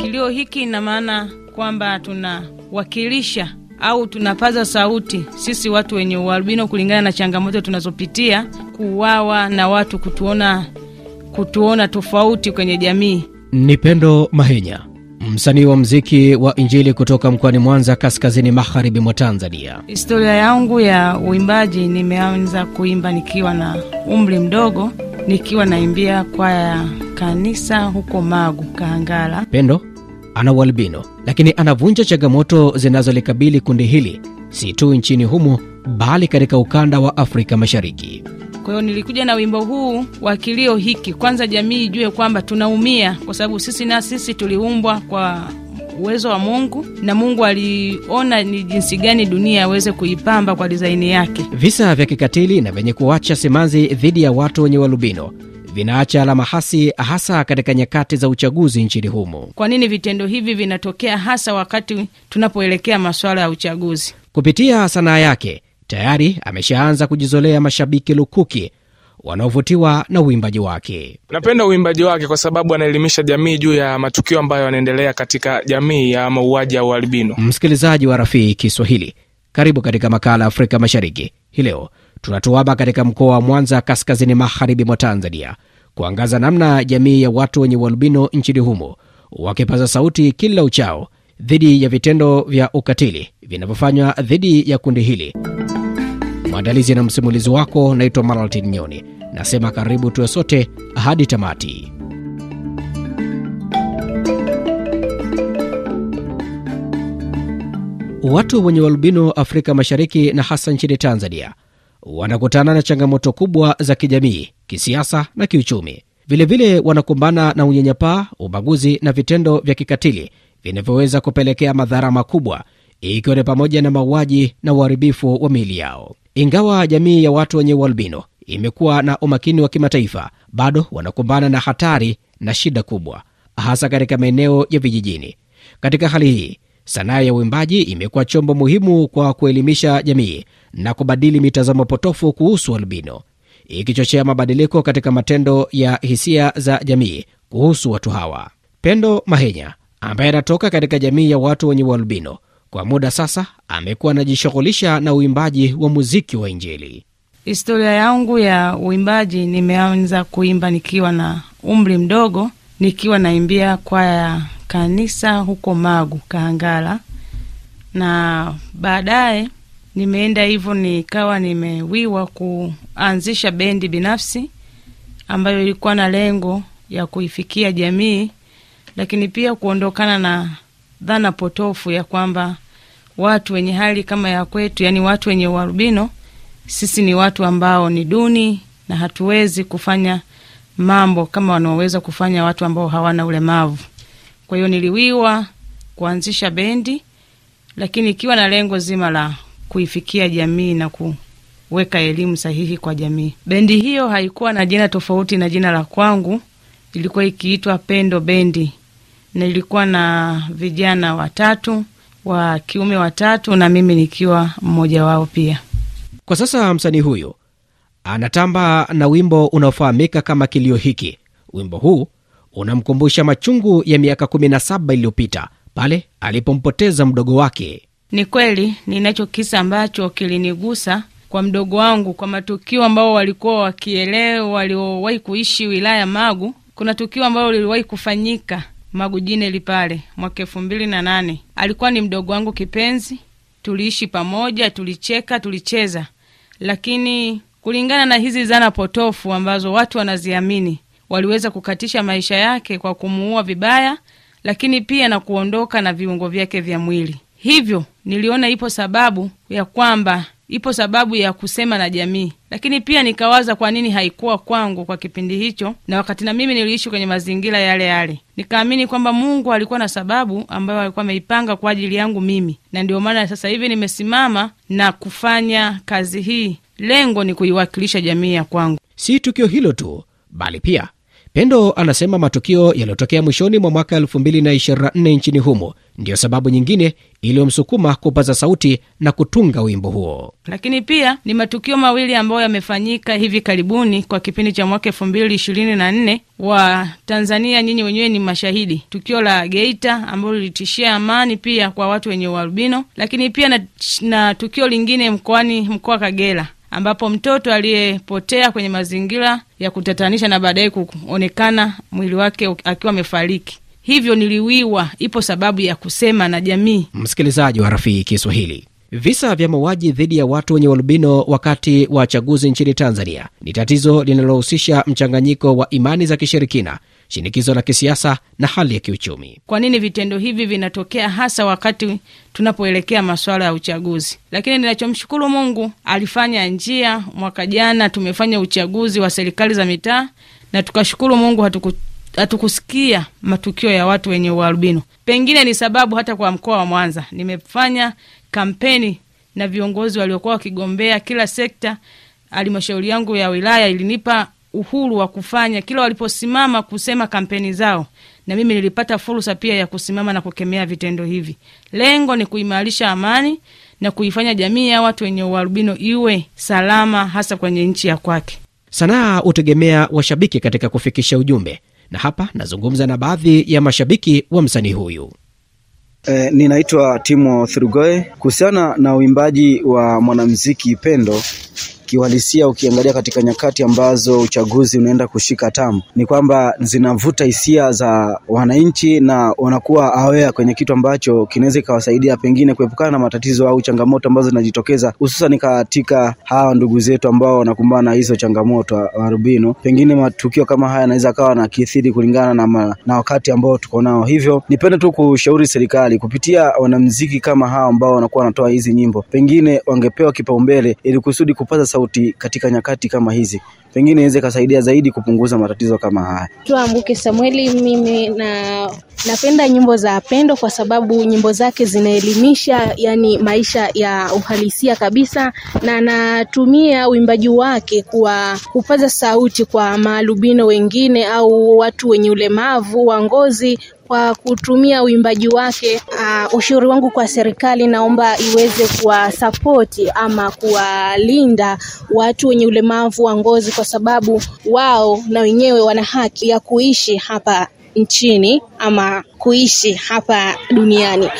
Kilio hiki ina maana kwamba tunawakilisha au tunapaza sauti sisi watu wenye ualbino kulingana na changamoto tunazopitia, kuwawa na watu kutuona, kutuona tofauti kwenye jamii. Ni Pendo Mahenya msanii wa mziki wa Injili kutoka mkoani Mwanza, kaskazini magharibi mwa Tanzania. Historia yangu ya uimbaji, nimeanza kuimba nikiwa na umri mdogo, nikiwa naimbia kwaya ya kanisa huko Magu, Kahangala. Pendo ana ualbino lakini anavunja changamoto zinazolikabili kundi hili si tu nchini humo, bali katika ukanda wa Afrika Mashariki. Kwa hiyo nilikuja na wimbo huu wa kilio hiki, kwanza jamii ijue kwamba tunaumia kwa sababu sisi na sisi tuliumbwa kwa uwezo wa Mungu na Mungu aliona ni jinsi gani dunia aweze kuipamba kwa dizaini yake. Visa vya kikatili na vyenye kuacha simanzi dhidi ya watu wenye walubino vinaacha alama hasi hasa katika nyakati za uchaguzi nchini humo. Kwa nini vitendo hivi vinatokea hasa wakati tunapoelekea masuala ya uchaguzi? Kupitia sanaa yake tayari ameshaanza kujizolea mashabiki lukuki wanaovutiwa na uimbaji wake. Napenda uimbaji wake kwa sababu anaelimisha jamii juu ya matukio ambayo yanaendelea katika jamii ya mauaji au albino. Msikilizaji wa Rafii Kiswahili, karibu katika makala Afrika Mashariki. Hii leo tunatuama katika mkoa wa Mwanza, kaskazini magharibi mwa Tanzania, kuangaza namna jamii ya watu wenye ualbino nchini humo wakipaza sauti kila uchao dhidi ya vitendo vya ukatili vinavyofanywa dhidi ya kundi hili. Mwandalizi na msimulizi wako naitwa Maraltin Nyoni, nasema karibu tuwe sote hadi tamati. Watu wenye ualbino Afrika Mashariki na hasa nchini Tanzania wanakutana na changamoto kubwa za kijamii, kisiasa na kiuchumi. Vilevile wanakumbana na unyanyapaa, ubaguzi na vitendo vya kikatili vinavyoweza kupelekea madhara makubwa, ikiwa ni pamoja na mauaji na uharibifu wa miili yao. Ingawa jamii ya watu wenye ualbino imekuwa na umakini wa kimataifa, bado wanakumbana na hatari na shida kubwa, hasa katika maeneo ya vijijini. Katika hali hii, sanaa ya uimbaji imekuwa chombo muhimu kwa kuelimisha jamii na kubadili mitazamo potofu kuhusu albino, ikichochea mabadiliko katika matendo ya hisia za jamii kuhusu watu hawa. Pendo Mahenya ambaye anatoka katika jamii ya watu wenye ualbino kwa muda sasa amekuwa anajishughulisha na uimbaji wa muziki wa Injili. Historia yangu ya uimbaji, nimeanza kuimba nikiwa na umri mdogo, nikiwa naimbia kwaya ya kanisa huko Magu, Kahangala, na baadaye nimeenda hivyo nikawa nimewiwa kuanzisha bendi binafsi ambayo ilikuwa na lengo ya kuifikia jamii, lakini pia kuondokana na dhana potofu ya kwamba watu wenye hali kama ya kwetu, yani watu wenye uarubino, sisi ni watu ambao ni duni na hatuwezi kufanya mambo kama wanaoweza kufanya watu ambao hawana ulemavu. Kwa hiyo niliwiwa kuanzisha bendi, lakini ikiwa na lengo zima la kuifikia jamii na kuweka elimu sahihi kwa jamii. Bendi hiyo haikuwa na jina tofauti na jina la kwangu, ilikuwa ikiitwa Pendo Bendi na ilikuwa na vijana watatu wa kiume watatu na mimi nikiwa mmoja wao pia. Kwa sasa msanii huyu anatamba na wimbo unaofahamika kama Kilio Hiki. Wimbo huu unamkumbusha machungu ya miaka 17 iliyopita pale alipompoteza mdogo wake. Ni kweli ninacho kisa ambacho kilinigusa kwa mdogo wangu, kwa matukio ambao walikuwa wakielewa, waliowahi kuishi wilaya Magu. Kuna tukio ambalo liliwahi kufanyika Magujineli pale mwaka elfu mbili na nane. Alikuwa ni mdogo wangu kipenzi, tuliishi pamoja, tulicheka, tulicheza, lakini kulingana na hizi zana potofu ambazo watu wanaziamini, waliweza kukatisha maisha yake kwa kumuua vibaya, lakini pia na kuondoka na viungo vyake vya mwili. Hivyo niliona ipo sababu ya kwamba ipo sababu ya kusema na jamii, lakini pia nikawaza kwa nini haikuwa kwangu kwa kipindi hicho, na wakati na mimi niliishi kwenye mazingira yale yale. Nikaamini kwamba Mungu alikuwa na sababu ambayo alikuwa ameipanga kwa ajili yangu mimi, na ndio maana sasa hivi nimesimama na kufanya kazi hii. Lengo ni kuiwakilisha jamii ya kwangu. Si tukio hilo tu, bali pia Pendo anasema matukio yaliyotokea mwishoni mwa mwaka 2024 nchini humo ndiyo sababu nyingine iliyomsukuma kupaza sauti na kutunga wimbo huo. Lakini pia ni matukio mawili ambayo yamefanyika hivi karibuni kwa kipindi cha mwaka 224 wa Tanzania, nyinyi wenyewe ni mashahidi, tukio la Geita ambalo lilitishia amani pia kwa watu wenye uarubino, lakini pia na, na tukio lingine mkoani mkoa Kagera ambapo mtoto aliyepotea kwenye mazingira ya kutatanisha na baadaye kuonekana mwili wake akiwa amefariki. Hivyo niliwiwa, ipo sababu ya kusema na jamii. Msikilizaji wa Rafiki Kiswahili, Visa vya mauaji dhidi ya watu wenye walubino wakati wa chaguzi nchini Tanzania ni tatizo linalohusisha mchanganyiko wa imani za kishirikina shinikizo la kisiasa na hali ya kiuchumi. Kwa nini vitendo hivi vinatokea hasa wakati tunapoelekea masuala ya uchaguzi? Lakini ninachomshukuru Mungu, alifanya njia. Mwaka jana tumefanya uchaguzi wa serikali za mitaa na tukashukuru Mungu hatuku hatukusikia matukio ya watu wenye ualbino. Pengine ni sababu hata kwa mkoa wa Mwanza nimefanya kampeni na viongozi waliokuwa wakigombea kila sekta. Halmashauri yangu ya wilaya ilinipa uhuru wa kufanya kila waliposimama kusema kampeni zao, na mimi nilipata fursa pia ya kusimama na kukemea vitendo hivi. Lengo ni kuimarisha amani na kuifanya jamii ya watu wenye uharubino iwe salama, hasa kwenye nchi ya kwake. Sanaa hutegemea washabiki katika kufikisha ujumbe, na hapa nazungumza na baadhi ya mashabiki wa msanii huyu. E, ninaitwa Timo Thrugoe. Kuhusiana na uimbaji wa mwanamuziki Pendo, kiuhalisia ukiangalia katika nyakati ambazo uchaguzi unaenda kushika tamu ni kwamba zinavuta hisia za wananchi na wanakuwa awea kwenye kitu ambacho kinaweza ikawasaidia pengine kuepukana na matatizo au changamoto ambazo zinajitokeza hususan katika hawa ndugu zetu ambao wanakumbana na hizo changamoto arubino Pengine matukio kama haya yanaweza akawa na kithiri kulingana na, ma, na wakati ambao tuko nao. Hivyo nipende tu kushauri serikali kupitia wanamziki kama hawa ambao wanakuwa wanatoa hizi nyimbo, pengine wangepewa kipaumbele ili kusudi kupata sauti sauti katika nyakati kama hizi pengine iweze kasaidia zaidi kupunguza matatizo kama haya. Tuambuke Samueli, mimi na napenda nyimbo za Pendo kwa sababu nyimbo zake zinaelimisha, yani maisha ya uhalisia kabisa, na natumia uimbaji wake kuwa kupaza sauti kwa maalubino wengine au watu wenye ulemavu wa ngozi kwa kutumia uimbaji wake. Uh, ushauri wangu kwa serikali, naomba iweze kuwasapoti ama kuwalinda watu wenye ulemavu wa ngozi kwa kwa sababu wao na wenyewe wana haki ya kuishi hapa nchini ama kuishi hapa duniani.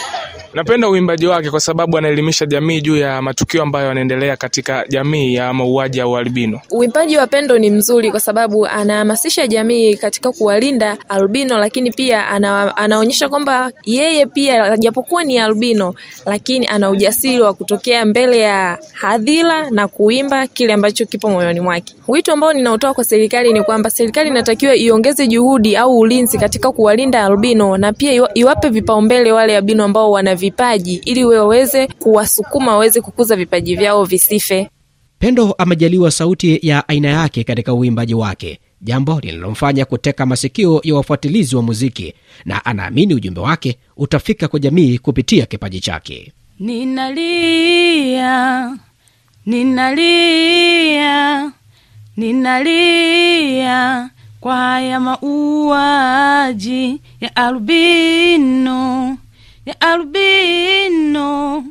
Napenda uimbaji wake kwa sababu anaelimisha jamii juu ya matukio ambayo yanaendelea katika jamii ya mauaji ya ualbino. Uimbaji wa Pendo ni mzuri kwa sababu anahamasisha jamii katika kuwalinda albino, lakini pia ana, anaonyesha kwamba yeye pia japokuwa ni albino, lakini ana ujasiri wa kutokea mbele ya hadhira na kuimba kile ambacho kipo moyoni mwake. Wito ambao ninaotoa kwa serikali ni kwamba serikali inatakiwa iongeze juhudi au ulinzi katika kuwalinda albino na pia iwape vipaumbele wale albino ambao wana vipaji ili waweze kuwasukuma waweze kukuza vipaji vyao visife. Pendo amejaliwa sauti ya aina yake katika uimbaji wake, jambo linalomfanya kuteka masikio ya wafuatilizi wa muziki, na anaamini ujumbe wake utafika kwa jamii kupitia kipaji chake. Ninalia, ninalia, ninalia kwa haya mauaji ya albino ya albino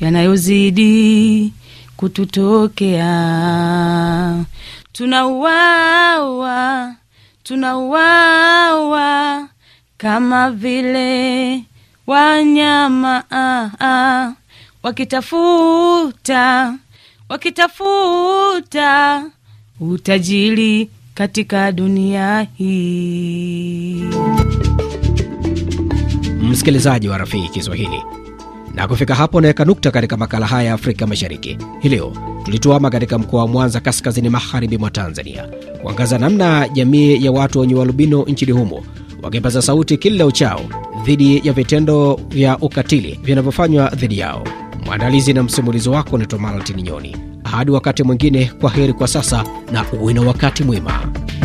yanayozidi kututokea. Tunauawa, tunauawa kama vile wanyama ah, ah, wakitafuta wakitafuta utajiri katika dunia hii msikilizaji wa Rafiki Kiswahili, na kufika hapo naweka nukta katika makala haya ya Afrika Mashariki. Hii leo tulituama katika mkoa wa Mwanza, kaskazini magharibi mwa Tanzania, kuangaza namna jamii ya watu wenye ualbino nchini humo wakipaza sauti kila uchao dhidi ya vitendo vya ukatili vinavyofanywa dhidi yao. Mwandalizi na msimulizi wako ni Tomaltin Nyoni. Hadi wakati mwingine, kwa heri kwa sasa na uwe na wakati mwema.